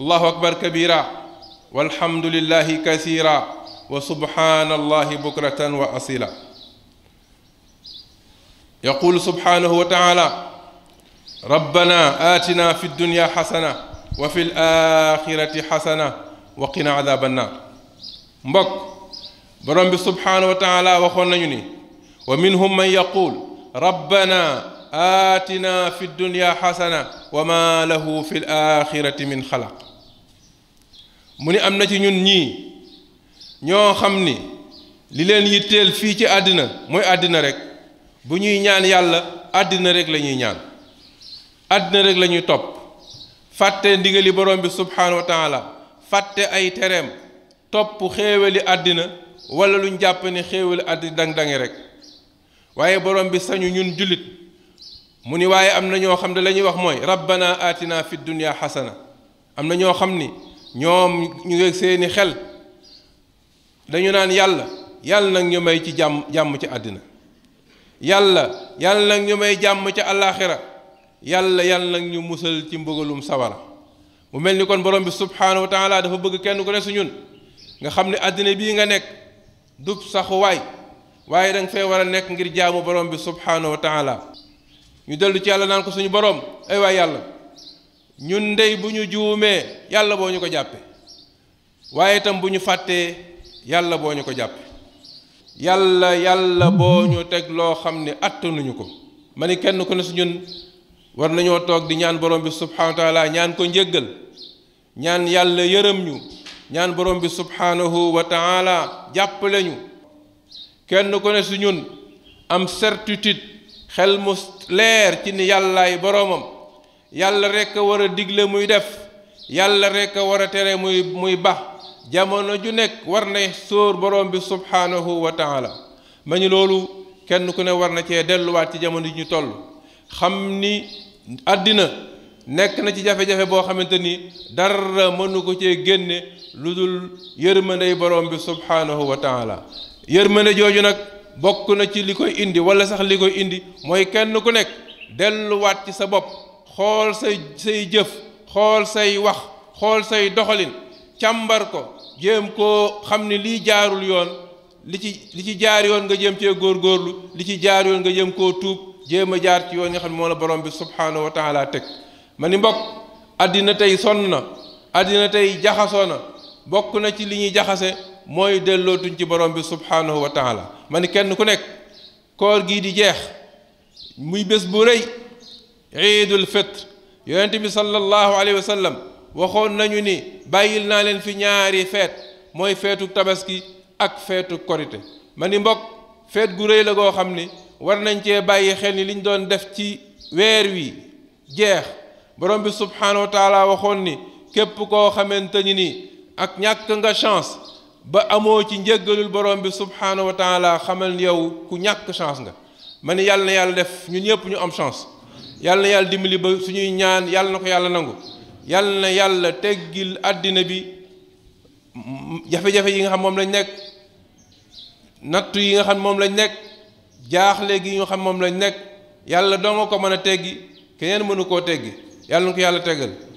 الله أكبر كبيرا والحمد لله كثيرا وسبحان الله بكرة وأصيلا يقول سبحانه وتعالى ربنا آتنا في الدنيا حسنة وفي الآخرة حسنة وقنا عذاب النار مبك برمب سبحانه وتعالى وخونا يني ومنهم من يقول ربنا aatina fi dunya xasana wa ma lahu fi laaxirati min xalaq mu ni am na ci ñun ñii ñoo xam ni li leen yitteel fii ci àddina mooy àddina rek bu ñuy ñaan yàlla àddina rek la ñuy ñaan àddina rekk la ñuy topp fàtte ndigali borom bi subhaanahu wa taala fàtte ay tereem topp xéewali àddina wala luñ jàpp ni xéewali àddina dang dangi waaye borom bi sañu ñun jullit muni waye amna ño na ñoo xam ne la wax moy rabbana atina fid dunya hasana amna ño ñoo xam ni ñoom ñu ngi seeni xel dañu naan yàlla yàlla nak ñu may ci jam jam ci adina yàlla yàlla nak ñu may jam ci alakhira yàlla yàlla nak ñu mussel ci mbugalum sawara mu melni kon borom bi subhanahu wa taala dafa bëgg kenn ku resu ñun nga xamni adina bi nga nek dub saxu way waye dang fee wara nek ngir jaamu borom bi subhanahu wa taala ñu dellu ci yàlla naan ko suñu boroom ay waay yàlla ñun ndey bu ñu juumee yàlla boo ñu ko jàppee waaye itam bu ñu fàttee yàlla boo ñu ko jàppee yàlla yàlla boo ñu teg loo xam ne attanuñu ko ma ni kenn ku ne su ñun war nañoo toog di ñaan borom bi subhanahu wa taala ñaan ko njëggal ñaan yàlla yërëm ñu ñaan borom bi subhanahu wa taala jàppale ñu kenn ku ne su ñun am certitude xel mu leer ci ni yàllaay boroomam yàlla rekk a war a digle muy def yàlla rekk a war a tere muy muy bax jamono ju nekk war nay sóor boroom bi subhaanahu wa taala ma ñu loolu kenn ku ne war na cee delluwaat ci jamono ji ñu toll xam ni àddina nekk na ci jafe-jafe boo xamante ni dara mënu ko cee génne lu dul yërmandey boroom bi subhaanahu wa taala yërmande jooju nag bokk na ci li koy indi wala sax li koy indi mooy kenn ku nekk delluwaat ci sa bopp xool say say jëf xool say wax xool say doxalin càmbar ko jéem koo xam ne lii jaarul yoon li ci li ci jaar yoon nga jéem cee góorgóorlu li ci jaar nga jéem koo tuub jéem a jaar ci yoon nga xam ne moo la borom bi subhaanahu wa taala teg ma ni mbokk àddina tey sonn na àddina tey jaxasoo na bokk na ci li ñuy jaxase mooy dellootuñ ci borom bi subhanahu wa taala ma ni kenn ku nekk koor gii di jeex muy bés bu rëy iidul fitre yonent bi sallallahu alayhi wa sallam waxoon nañu ni bàyyil naa leen fi ñaari feet mooy feetu tabaski ak feetu korite ma ni mbokk feet gu rëy la goo xam ni war nañ cee bàyyi xel ni liñ doon def ci weer wi jeex borom bi subhanahu wa taala waxoon ni képp koo xamante ni nii ak ñàkk nga chance ba amoo ci njëggalul borom bi subhanahu wa taala xamal ni yow ku ñàkk chance nga ma ne yàlla na yàlla def ñun ñëpp ñu am chance yàlla na yàlla dimbali ba suñuy ñaan yàlla na ko yàlla nangu yàlla na yàlla teggil àddina bi jafe-jafe yi nga xam moom lañ nekk nattu yi nga xam moom lañ nekk jaaxle gi ñu xam moom lañ nekk yàlla doo nga ko mën a teggi keneen mënu koo teggi yàlla na ko yàlla teggal